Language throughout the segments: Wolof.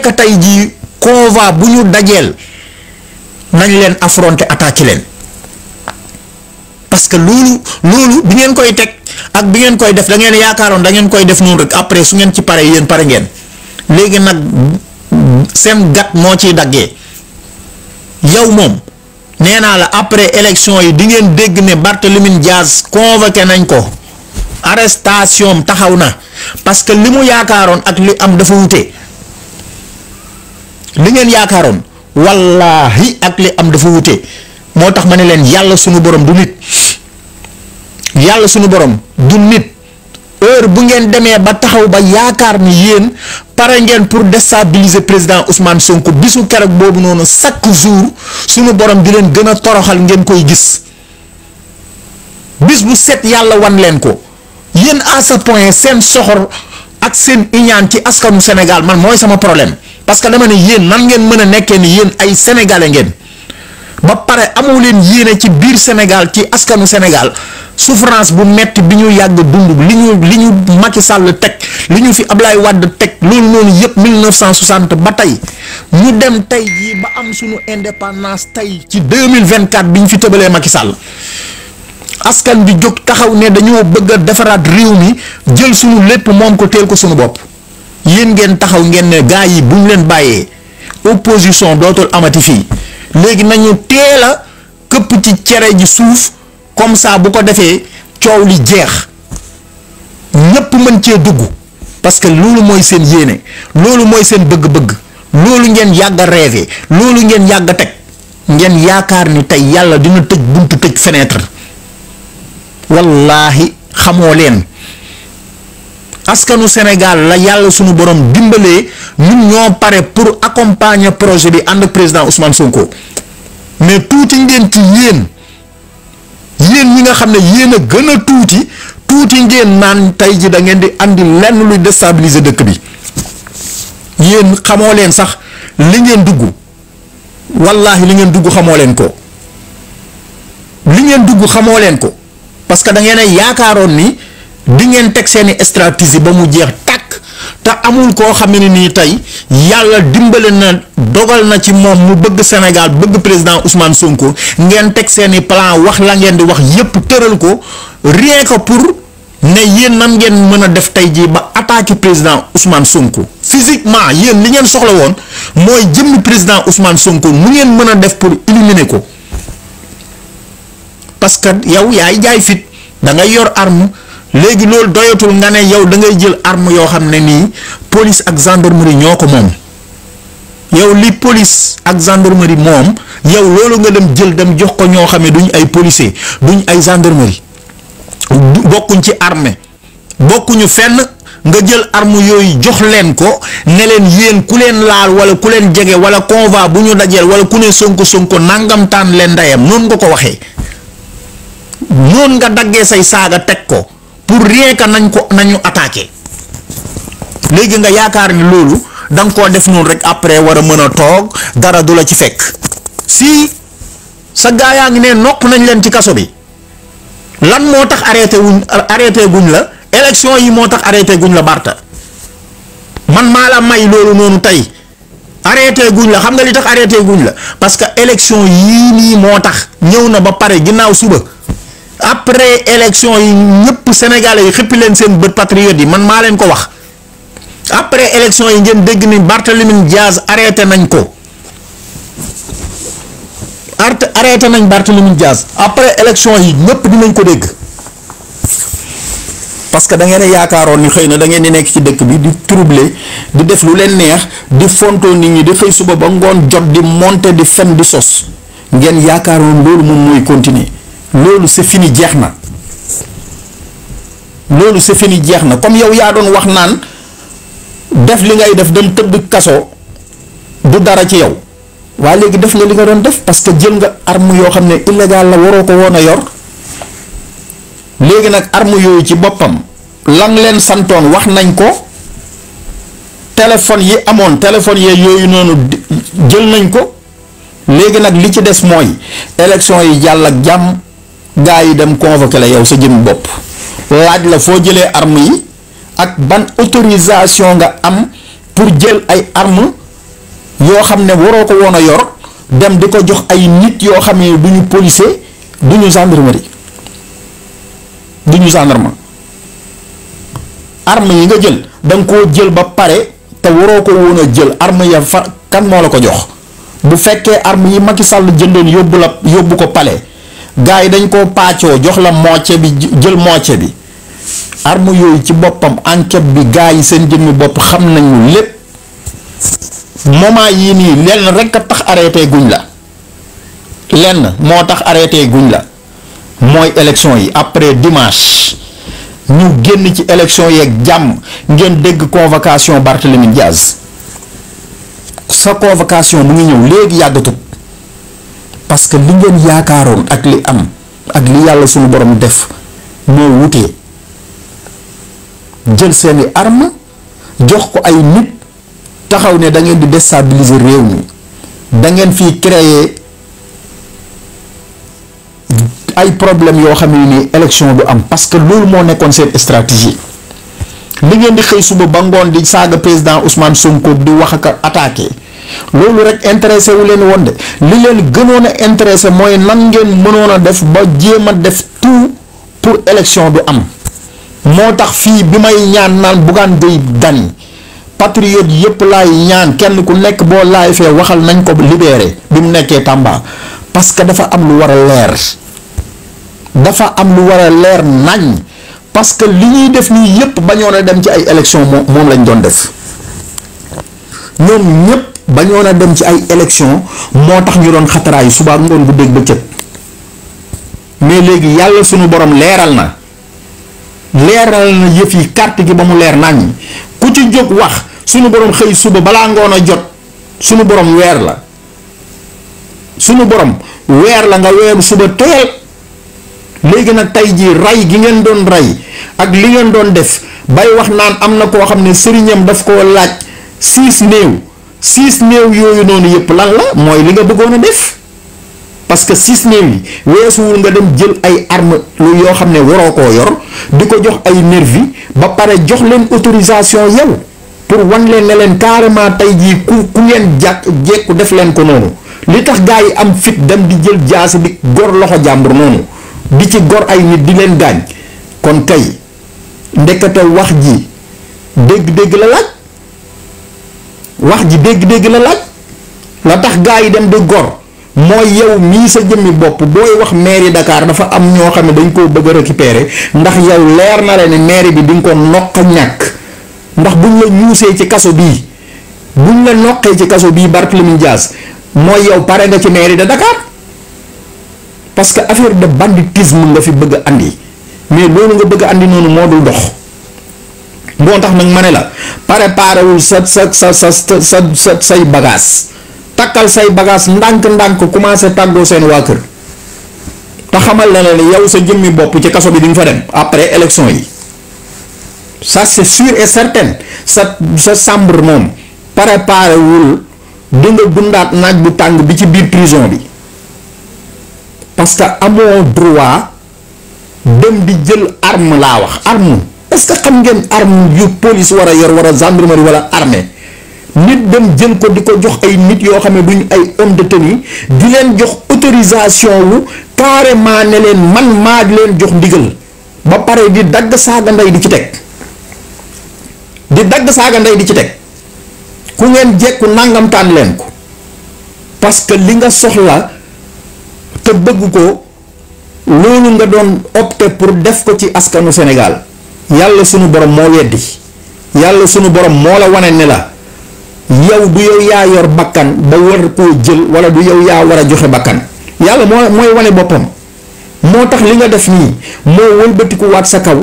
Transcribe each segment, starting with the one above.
que tey jii convoi bu ñu dajeel nañ leen affronter attaquer leen parce que loolu loolu bi ngeen koy teg ak bi ngeen koy def da ngeen yaakaaroon da ngeen koy def noonu rek après su ngeen ci pare yéen pare ngeen léegi nag seen gat moo ciy daggee yow moom nee naa la après élection yi di ngeen dégg ne Barthélémy Dias convoqué nañ ko arrestation taxaw na parce que li mu yaakaaroon ak li am dafa wute. li ngeen yaakaaroon wallaahi ak li am dafa wute moo tax ma ne leen yàlla sunu borom du nit yàlla sunu borom du nit heure bu ngeen demee ba taxaw ba yaakaar ni yéen pare ngeen pour déstabiliser président Ousmane sunk bisu keroog boobu noonu chaque jour sunu borom di leen gën a toroxal ngeen koy gis bis bu set yàlla wan leen ko yéen à ce seen soxor ak seen iñaan ci askanu Sénégal man mooy sama problème. parce que dama ne yéen nan ngeen mën a nekkee ni yéen ay sénégalais ngeen ba pare amoo leen yéene ci biir Sénégal ci askanu Sénégal souffrance bu metti bi ñu yàgg dund li ñu li ñu Macky Sall teg li ñu fi ab Ablaye Wade teg loolu noonu yëpp 1960 ba tey ñu dem tey jii ba am suñu indépendance tey ci 2024 bi ñu fi tëbalee Macky Sall askan bi jóg taxaw ne dañoo bëgg a defaraat réew mi jël suñu lépp moom ko teel ko sunu bopp. yeen ngeen taxaw ngeen ne gars yi bu ñu leen bàyyee opposition dootul amati fii léegi nañu teel a këpp ci cere ji suuf comme ça bu ko defee coow li jeex ñëpp mën cee dugg parce que loolu mooy seen yéene loolu mooy seen bëgg-bëgg loolu ngeen yàgg a rêvé loolu ngeen yàgg a teg ngeen yaakaar ni tey yàlla dina tëj buntu tëj fenêtre wallahi xamoo leen askanu sénégal la yalla sunu borom dimbalé ñun ñoo pare pour accompagner projet bi and président ousmane sonko mais touti ngén ci yeen yeen ñi nga xamné ne gëna touti touti ngén nan tay ji da ngén di andi lenn luy déstabiliser dëkk bi yeen xamo leen sax li ngén dugg wallahi li ngén dugg xamo ko li ngén dugg xamo ko parce que da ngén ni di ngeen teg seeni stratégie ba mu jeex tàkk te amul koo xam ne nii tey yàlla dimbale na dogal na ci moom mu bëgg Sénégal bëgg président Ousmane Sonko ngeen teg seeni plan wax la ngeen di wax yépp tëral ko rien ko pour ne yéen nan ngeen mën a def tey jii ba attaquer président Ousmane Sonko physiquement yéen li ngeen soxla woon mooy jëmmi président Ousmane Sonko mu ngeen mën a def pour éliminer ko parce que yow yaay jaay fit da ngay yor arme. léegi loolu doyatul nga ne yow da ngay jël arme yoo xam ne nii police ak gendarmerie ñoo ko moom yow li police ak gendarmerie moom yow loolu nga dem jël dem jox ko ñoo xam ne duñ ay policier duñ ay gendarmerie bokkuñ ci armée bokkuñu fenn nga jël arm yooyu jox leen ko ne leen yéen ku leen laal wala ku leen jege wala convoi bu ñu dajeel wala ku ne sonko sonko nangam leen ndeyam noonu nga ko waxee noonu nga daggee say saaga teg ko. pour rien que nañ ko nañu attaqué léegi nga yaakaar ni loolu da nga def noonu rek après war a mën a toog dara du la ci fekk si sa gaa yaa ngi ne noq nañ leen ci kaso bi lan moo tax arrêté wuñ arrêté guñ la élection yi moo tax arrêté guñ la Bartha man maa la may loolu noonu tey arrêté guñ la xam nga li tax arrêté guñ la parce que élection yii nii moo tax ñëw na ba pare ginnaaw suba. après élection yi ñepp sénégalais yi xippi leen seen bëtt patriote yi man maa leen ko wax après élection yi ngeen dégg ni Barthélemy Diaz arrêté nañ ko arrêté nañ Barthélemy Diaz après élection yi ñëpp dinañ ko dégg parce que da ngeen a yaakaaroon ni xëy na da ngeen di nekk ci dëkk bi di troubler di def lu leen neex di fonto nit ñi di fay suba ba ngoon jot di monter di fen di sos ngeen yaakaaroon loolu moom mooy continuer loolu c'est fini jeex na loolu c'est fini jeex na comme yow yaa doon wax naan def li ngay def dem tëdd kaso du dara ci yow waaye léegi def nga li nga doon def parce que jël nga arm yoo xam ne illégal la waroo ko woon a yor léegi nag arme yooyu ci boppam lan leen santoon wax nañ ko téléphone yi amoon téléphone yee yooyu noonu jël nañ ko léegi nag li ci des mooy élection yi jàll ak jàmm gaay yi dem convoquer la yow sa jëm bop laaj la fo jëlé arme yi ak ban autorisation nga am pour jël ay arme yo xamné ne wona ko wona yor dem diko jox ay nit yo xam duñu police duñu gendarmerie duñu gendarme arme yi nga jël da ko jël ba pare te waroko ko wona jël arme ya kan mo la ko jox bu fekkee arme yi Macky Sall jëndone yobula yobuko palais gars yi dañ koo paccoo jox la moitié bi jël moitié bi arme yooyu ci boppam enquête bi gars yi seen jëmmi bopp xam nañu lépp moment yii nii lenn rek a tax arrêté guñ la lenn moo tax arrêté guñ la mooy élection yi après dimanche ñu génn ci élection yeeg jàmm ngeen dégg convocation Barthélémy Diaz sa convocation mu ngi ñëw léegi yàggatut parce que li ngeen yaakaaroon ak li am ak li yàlla suñu borom def moo wutee jël seeni arme jox ko ay nit taxaw ne dangeen di déstabiliser réew mi da ngeen fii créer ay problème yoo xam ne nii élection du am parce que loolu moo nekkoon seen stratégie li ngeen di xëy suba ba ngoon di saaga président Ousmane Sonko di wax ak attaqué loolu rek intéressé wu len won de li len gënonu intéressé moy nan ngeen def ba jema def tout pour élection bi am motax fi fii bi may ñaan naan bugaan dey dani patriote yep la ñaan kenn ku nekk life lay fee waxal nañ ko libéré bi mu Tamba parce que dafa am lu wara lèr dafa am lu wara lèr pas nañ parce que li ñuy def ni yep bañoon dem ci ay élection mom lañ doon def ñom ñëpp. bañoon a dem ci ay élection moo tax ñu doon xataraayu suba ak ngoon bu dégg bëccëg mais léegi yàlla sunu borom leeral na leeral na yëf yi carte gi ba mu leer naññ ku ci jóg wax sunu borom xëy suba balaa ngoon a jot sunu borom weer la sunu borom weer la nga weeru suba teel léegi nag tey jii ray gi ngeen doon rey ak li ngeen doon def bay wax naan am na koo xam ne sëriñam daf koo laaj siis néew. six néew yooyu noonu yëpp lan la mooy li nga bëggoon a def parce que six néew yi weesuwul nga dem jël ay arme lu yoo xam ne waroo koo yor di ko jox ay nervi ba pare jox leen autorisation yow pour wan leen ne leen carrément tey jii ku ku ngeen jàkk jekku def leen ko noonu li tax gars yi am fit dem di jël jaasi di gor loxo jàmbur noonu di ci gor ay nit di leen gaañ kon kay ndekete wax ji dégg-dégg la laaj. wax ji deg-deg la laaj la tax gaay dem de gor moy yow mi sa jëmmi bop boy wax maire Dakar dafa am ño xam dañ ko bëgg récupérer ndax yow leer na la ne bi di ko nokk ñak ndax buñ la ñuusee ci kasso bi buñ la nokké ci kaso barkle min Dias moy yow pare nga ci maire de Dakar parce que affaire de banditisme nga fi bëgg andi mais lolu nga bëgg andi nonu modul doh. dox moo tax nag ma la préparé wul sa sa sa sa sa sa say bagage takal say bagage ndank ndank commencé tàggoo sen wa keur ta xamal la ne yow sa jëmmi bop ci kasso bi di nga fa dem après élection yi ça c'est sûr et certain sa sa chambre mom préparé wul di nga dundaat bu tang bi ci bir prison bi parce que amo droit dem di jël arme la wax arme est-ce que xam ngeen arme yu police war a yor war a gendarmerie wala armée nit dem jën ko di ko jox ay nit yoo xam ne ñu ay homme de tenue di leen jox autorisation wu carrément ne leen man maa leen jox ndigal ba pare di dagg saaga ndey di ci teg di dagg saaga ndey di ci teg ku ngeen jekku nangamtaan leen ko parce que li nga soxla te bëgg ko loolu nga doon opté pour def ko ci askanu Sénégal yàlla sunu borom moo weddi yàlla sunu borom moo la wane ne la yaw du yow yaa yor bakkan ba war koo jël wala du yow yaa war a joxe bàkkan yàlla moo mooy wane boppam moo tax li nga def nii moo waat sa kaw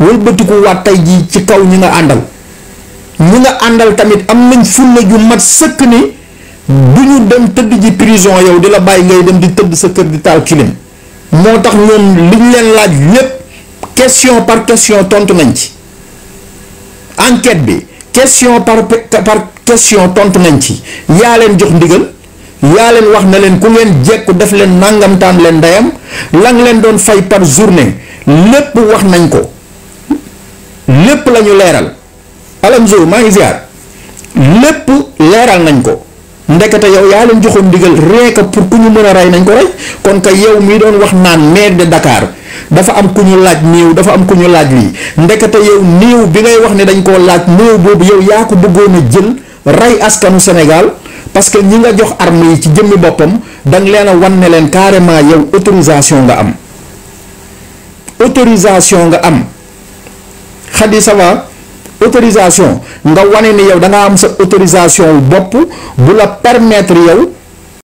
wëlbatikuwaat tey jii ci kaw ñi nga àndal ñi nga àndal tamit am nañ fulla ju mat sëkk ni du ñu dem tëdd ji prison yow di la bàyyi ngay dem di tëdd sa kër di taal kilim moo tax ñoom liñ leen laaj lépp question par question tontu nañ ci enquête bi question par question tontu nañ ci yaa leen jox ndigal yaa leen wax na leen ku ngeen jekku def leen nàngamtaan leen ndeyam lan leen doon fay par journée lépp wax nañ ko lépp lañu leeral alam zo maa ngi ziar lépp leeral nañ ko ndekete yow yaa leen joxoon ndigal reeka pour ku ñu mën a rey nañ ko rey kon que yow mii doon wax naan maire de dakaar dafa am ku ñu laaj néew dafa am ku ñu laaj lii ndekete yow néew bi ngay wax ne dañ koo laaj néew boobu yow yaa ko bëggoon a jël rey askanu Sénégal parce que ñi nga jox arme yi ci jëmmi boppam dañ leen a wan ne leen carrément yow autorisation nga am autorisation nga am xadi ça autorisation nga wane ni yow da am sa autorisation bopp bu la permettre yow.